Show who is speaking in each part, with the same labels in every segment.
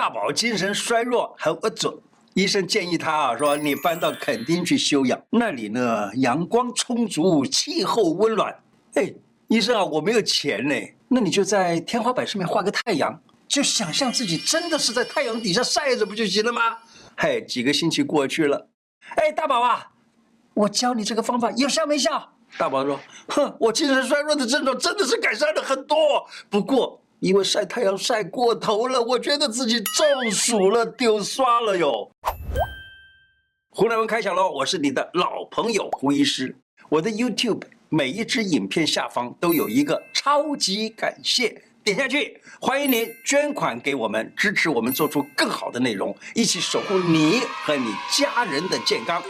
Speaker 1: 大寶精神衰弱，很惡準。醫生建議他啊，說你搬到墾丁去休養，那裡呢陽光充足，氣候溫暖。哎，醫生啊，我沒有錢呢。那你就在天花板上面畫個太陽，就想象自己真的是在太陽底下晒着，不就行了嗎？嘿、哎，幾個星期過去了。哎，大寶啊，我教你這個方法有效沒效？大寶說：哼，我精神衰弱的症狀真的是改善了很多。不過。因為曬太陽曬過頭了，我覺得自己中暑了，丟刷了喲。胡乃文開講嘍，我是你的老朋友胡醫師。我的 YouTube 每一支影片下方都有一個超級感謝，點下去，歡迎您捐款給我們，支持我們做出更好的內容，一起守護你和你家人的健康。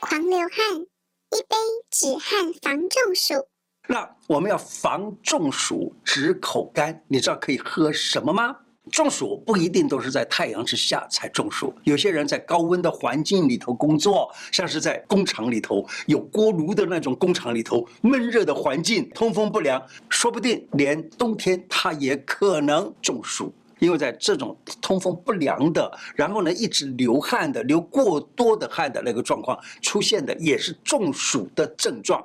Speaker 1: 狂流汗，一杯止汗防中暑。那我們要防中暑、止口乾，你知道可以喝什麼嗎？中暑不一定都是在太陽之下才中暑，有些人在高溫的環境裡頭工作，像是在工廠裡頭有鍋爐的那種工廠裡頭，悶熱的環境，通風不良，說不定連冬天它也可能中暑，因為在這種通風不良的，然後呢一直流汗的、流過多的汗的那個狀況出現的，也是中暑的症狀。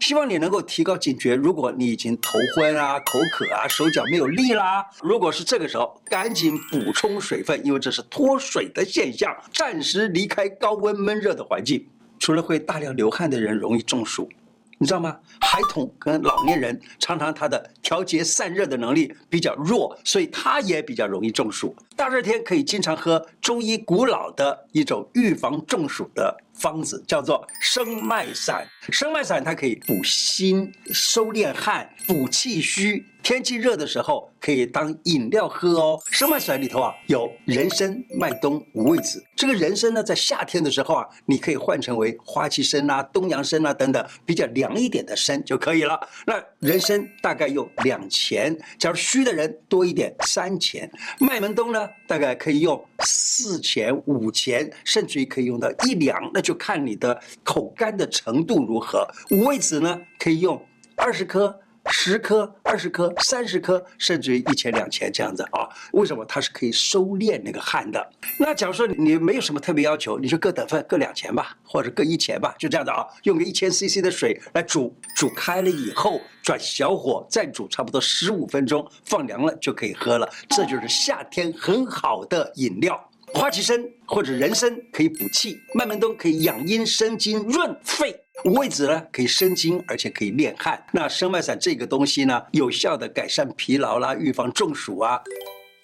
Speaker 1: 希望你能夠提高警覺。如果你已經頭昏啊、口渴啊、手腳沒有力啦，如果是這個時候，趕緊補充水分，因為這是脫水的現象。暫時離開高溫悶熱的環境。除了會大量流汗的人容易中暑，你知道嗎？孩童跟老年人常常他的調節散熱的能力比較弱，所以他也比較容易中暑。大熱天可以經常喝中醫古老的一種預防中暑的方子，叫做生脈散。生脈散它可以補心、收斂汗、補氣虛。天氣熱的時候可以當飲料喝哦。生脈散裡頭啊有人參、麥冬、五味子。這個人參呢，在夏天的時候啊，你可以換成為花旗參啊東洋參啊等等比較涼一點的參就可以了。那人參大概有兩錢，假如虛的人多一點，三錢。麥門冬呢？大概可以用四錢、五錢，甚至於可以用到一兩，那就看你的口乾的程度如何。五味子呢，可以用二十顆。十顆、二十顆、三十顆，甚至於一錢、兩錢這樣子啊。為什麼它是可以收斂那個汗的？那假如說你沒有什麼特別要求，你就各等分，各兩錢吧，或者各一錢吧，就這樣子啊。用個一千 CC 的水來煮，煮開了以後轉小火再煮差不多十五分鐘，放涼了就可以喝了。這就是夏天很好的飲料。花旗參或者人參可以補氣，麥門冬可以養陰生津潤肺，五味子呢可以生津，而且可以斂汗。那生脈散這個東西呢，有效地改善疲勞啦，預防中暑啊。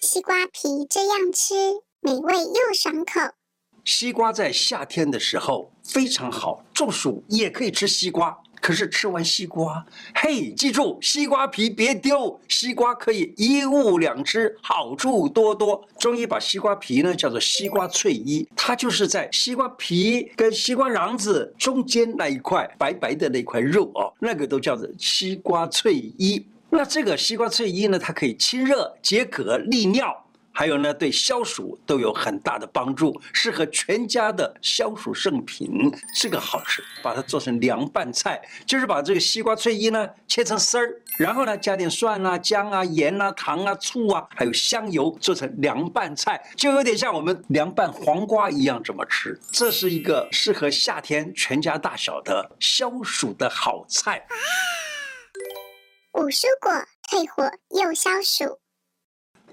Speaker 1: 西瓜皮這樣吃，美味又爽口。西瓜在夏天的時候非常好，中暑也可以吃西瓜。可是吃完西瓜，嘿，記住西瓜皮別丟，西瓜可以一物兩吃，好處多多。中醫把西瓜皮呢叫做西瓜翠衣，它就是在西瓜皮跟西瓜瓤子中間那一塊白白的那塊肉哦，那個都叫做西瓜翠衣。那這個西瓜翠衣呢，它可以清熱、解渴、利尿。還有呢，對消暑都有很大的幫助，適合全家的消暑聖品。這個好吃，把它做成涼拌菜，就是把這個西瓜翠衣呢切成絲兒，然後呢加點蒜啊、薑啊、鹽啊、糖啊、醋啊，還有香油，做成涼拌菜，就有點像我們涼拌黃瓜一樣這麼吃。這是一個適合夏天全家大小的消暑的好菜。五蔬果退火又消暑。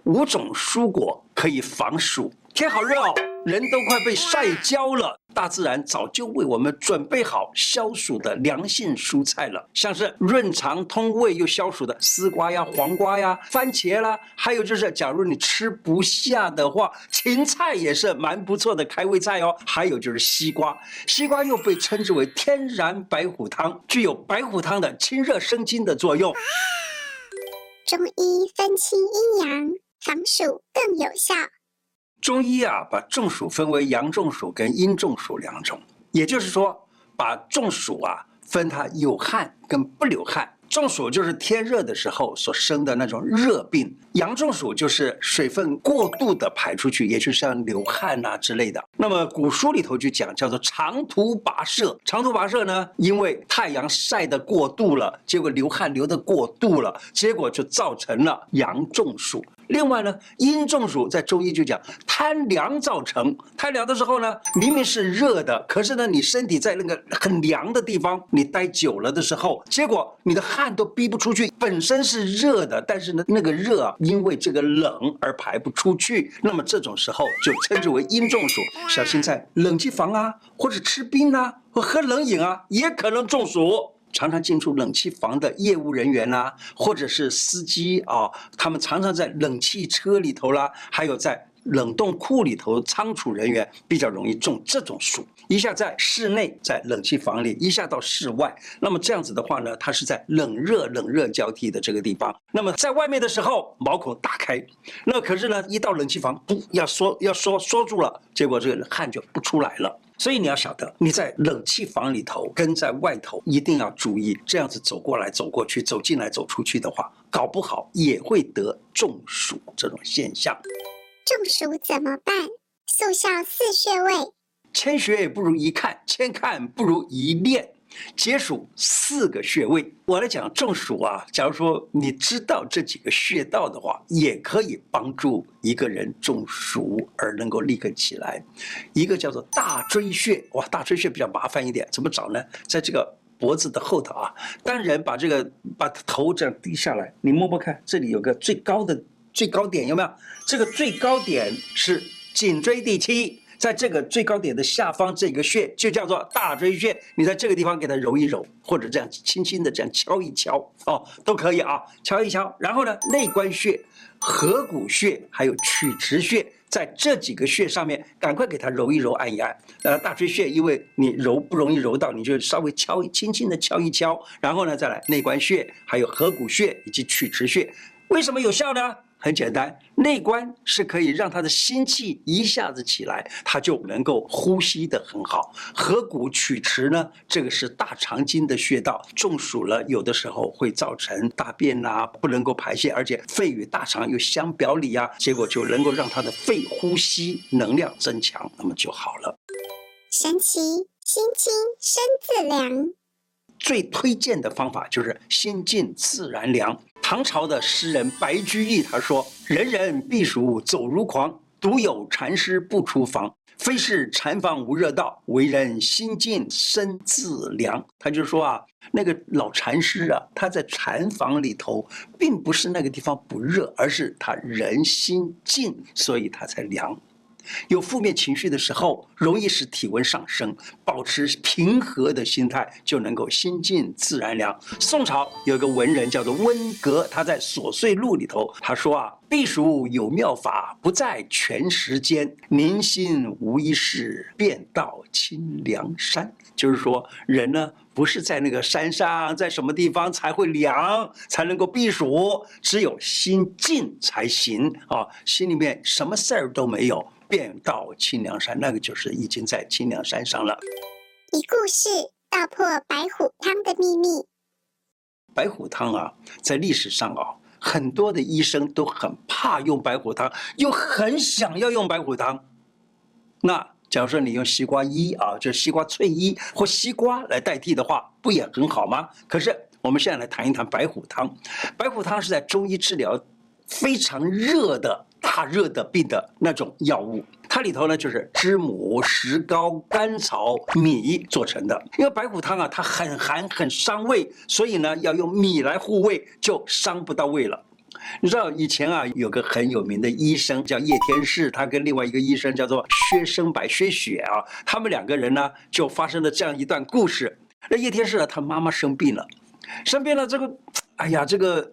Speaker 1: 五種蔬果可以防暑。天好熱哦，人都快被曬焦了。大自然早就為我們準備好消暑的涼性蔬菜了，像是潤腸通胃又消暑的絲瓜呀、黃瓜呀、番茄啦，還有就是，假如你吃不下的話，芹菜也是蠻不錯的開胃菜哦。還有就是西瓜，西瓜又被稱之為天然白虎湯，具有白虎湯的清熱生津的作用。中醫分清陰陽。防暑更有效。中醫啊，把中暑分為陽中暑跟陰中暑兩種，也就是說，把中暑啊分它有汗跟不流汗。中暑就是天熱的時候所生的那種熱病。陽中暑就是水分過度的排出去，也就是像流汗吶啊之類的。那麼古書裡頭就講，叫做長途跋涉。長途跋涉呢，因為太陽曬得過度了，結果流汗流得過度了，結果就造成了陽中暑。另外呢，陰中暑在中醫就講貪涼造成。貪涼的時候呢，明明是熱的，可是呢，你身體在那個很涼的地方，你待久了的時候，結果你的汗都逼不出去，本身是熱的，但是呢，那個熱啊，因為這個冷而排不出去，那麼這種時候就稱之為陰中暑。小心在冷氣房啊，或者吃冰啊，或喝冷飲啊，也可能中暑。常常進出冷氣房的業務人員吶，或者是司機啊，他們常常在冷氣車裡頭啦，還有在冷凍庫裡頭倉儲人員比較容易中這種暑，一下在室內在冷氣房裡，一下到室外，那麼這樣子的話呢，它是在冷熱冷熱交替的這個地方。那麼在外面的時候毛孔打開，那可是呢，一到冷氣房，不要縮要縮縮住了，結果這個汗就不出來了。所以你要曉得，你在冷氣房裡頭跟在外頭一定要注意，這樣子走過來走過去，走進來走出去的話，搞不好也會得中暑這種現象。中暑怎麼辦？速效四穴位。千學也不如一看，千看不如一練。解暑四個穴位，我來講中暑啊。假如說你知道這幾個穴道的話，也可以幫助一個人中暑而能夠立刻起來。一個叫做大椎穴，哇，大椎穴比較麻煩一點，怎麼找呢？在這個脖子的後頭啊，當人把這個把頭這樣低下來，你摸摸看，這裡有個最高的。最高點有沒有？這個最高點是頸椎第七，在這個最高點的下方，這個穴就叫做大椎穴。你在這個地方給它揉一揉，或者這樣輕輕的這樣敲一敲，哦，都可以啊，敲一敲。然後呢，內關穴、合谷穴還有曲池穴，在這幾個穴上面趕快給它揉一揉、按一按。呃，大椎穴因為你揉不容易揉到，你就稍微敲，輕輕地敲一敲。然後呢，再來內關穴、還有合谷穴以及曲池穴，為什麼有效呢？很簡單，內關是可以讓他的心氣一下子起來，他就能夠呼吸得很好。合谷、曲池呢，這個是大腸經的穴道。中暑了，有的時候會造成大便吶、啊、不能夠排泄，而且肺與大腸又相表裡啊，結果就能夠讓他的肺呼吸能量增強，那麼就好了。神奇，心清身自涼。最推薦的方法就是心靜自然涼。唐朝的詩人白居易他說：“人人避暑走如狂，獨有禪師不出房。非是禪房無熱到，為人心靜身自涼。”他就說啊，那個老禪師啊，他在禪房裡頭，並不是那個地方不熱，而是他人心靜，所以他才涼。有負面情緒的時候，容易使體溫上升。保持平和的心態，就能夠心靜自然涼。宋朝有一個文人叫做溫格，他在《瑣碎錄》裡頭他說啊，避暑有妙法，不在泉石間，寧心無一事，便到清涼山。就是說，人呢，不是在那個山上，在什麼地方才會涼，才能夠避暑，只有心靜才行啊、哦。心裡面什麼事兒都沒有。便到清涼山，那個就是已經在清涼山上了。一故事道破白虎湯的秘密。白虎湯啊，在歷史上啊，很多的醫生都很怕用白虎湯，又很想要用白虎湯。那假如說你用西瓜衣啊，就是西瓜翠衣或西瓜來代替的話，不也很好嗎？可是我們現在來談一談白虎湯。白虎湯是在中醫治療非常熱的。怕熱的病的那種藥物，它裡頭呢就是知母、石膏、甘草、米做成的。因為白虎湯啊，它很寒，很傷胃，所以呢要用米來護胃，就傷不到胃了。你知道以前啊，有個很有名的醫生叫葉天士，他跟另外一個醫生叫做薛生白、薛雪啊，他們兩個人呢就發生了這樣一段故事。那葉天士呢，啊，他媽媽生病了，生病了這個，哎呀，這個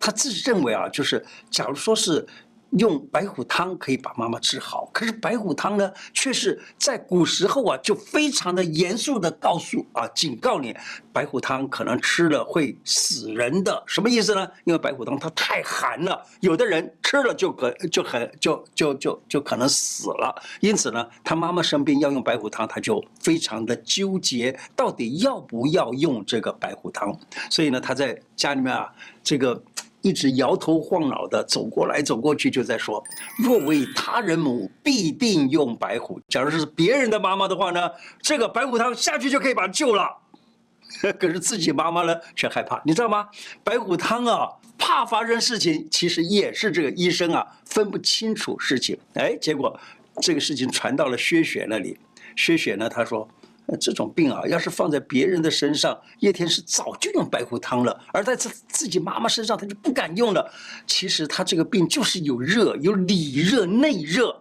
Speaker 1: 他自己認為啊，就是假如說是。用白虎湯可以把媽媽治好，可是白虎湯呢，卻是在古時候啊，就非常的嚴肅的告訴啊，警告你，白虎湯可能吃了會死人的，什麼意思呢？因為白虎湯它太寒了，有的人吃了就可就很就就就就可能死了。因此呢，他媽媽生病要用白虎湯，他就非常的糾結，到底要不要用這個白虎湯？所以呢，他在家裡面啊，這個。一直搖頭晃腦的走過來走過去，就在說：“若為他人母，必定用白虎。假如是別人的媽媽的話呢，這個白虎湯下去就可以把他救了。可是自己媽媽呢，卻害怕，你知道嗎？白虎湯啊，怕發生事情，其實也是這個醫生啊，分不清楚事情。哎，結果這個事情傳到了薛雪那裡，薛雪呢，他說。”這種病啊，要是放在別人的身上，葉天士早就用白虎湯了，而在自己媽媽身上，他就不敢用了。其實他這個病就是有熱，有裡熱內熱，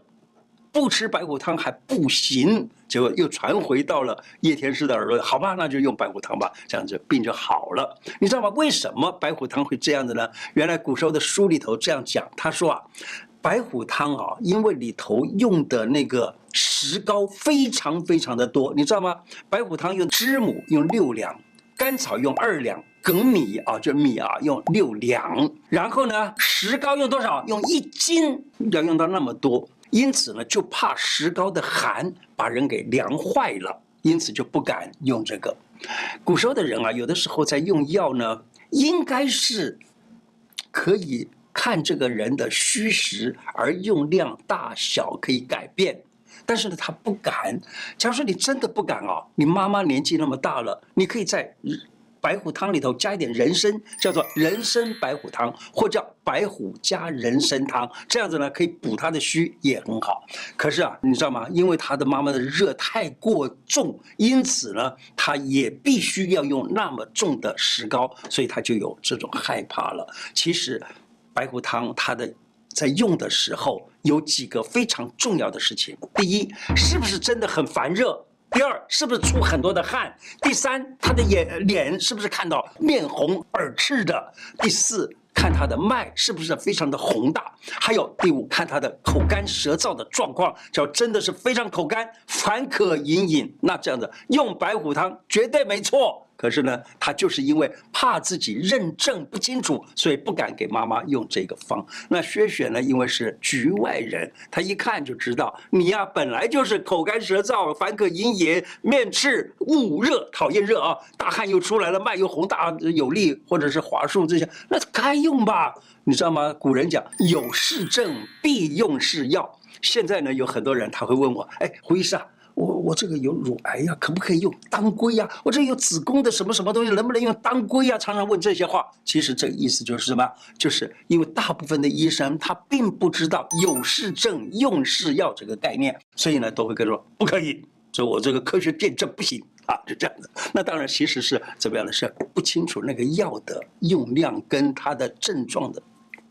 Speaker 1: 不吃白虎湯還不行。結果又傳回到了葉天士的耳朵，好吧，那就用白虎湯吧，這樣子病就好了。你知道嗎？為什麼白虎湯會這樣子呢？原來古時候的書裡頭這樣講，他說啊。白虎湯啊，因為裡頭用的那個石膏非常非常的多，你知道嗎？白虎湯用知母用六兩，甘草用二兩，粳米啊，就米啊，用六兩。然後呢，石膏用多少？用一斤，要用到那麼多。因此呢，就怕石膏的寒把人給涼壞了，因此就不敢用這個。古時候的人啊，有的時候在用藥呢，應該是可以。看這個人的虛實而用量大小可以改變，但是呢，他不敢。假如說你真的不敢哦、啊，你媽媽年紀那麼大了，你可以在白虎湯裡頭加一點人參，叫做人參白虎湯，或叫白虎加人參湯，這樣子呢，可以補他的虛也很好。可是啊，你知道嗎？因為他的媽媽的熱太過重，因此呢，他也必須要用那麼重的石膏，所以他就有這種害怕了。其實。白虎湯，它的在用的時候有幾個非常重要的事情：第一，是不是真的很煩熱；第二，是不是出很多的汗；第三，他的眼臉是不是看到面紅耳赤的；第四，看他的脈是不是非常的洪大；還有第五，看他的口乾舌燥的狀況，只要真的是非常口乾煩渴引飲，那這樣子用白虎湯絕對沒錯。可是呢，他就是因為怕自己認證不清楚，所以不敢給媽媽用這個方。那薛雪呢，因為是局外人，他一看就知道你呀，本來就是口乾舌燥、煩渴、引飲、面赤、惡熱、討厭熱啊，大汗又出來了，脈又洪大有力，或者是滑數這些，那該用吧？你知道嗎？古人講，有是證必用是藥。現在呢，有很多人他會問我，哎，胡醫師啊。我我這個有乳癌呀，可不可以用當歸呀？我這個有子宮的什麼什麼東西，能不能用當歸呀？常常問這些話，其實這個意思就是什麼？就是因為大部分的醫生他並不知道有是證用是藥這個概念，所以呢都會跟說不可以，所以我這個科學驗證不行啊，就這樣的。那當然其實是怎麼樣的？是不清楚那個藥的用量跟它的症狀的。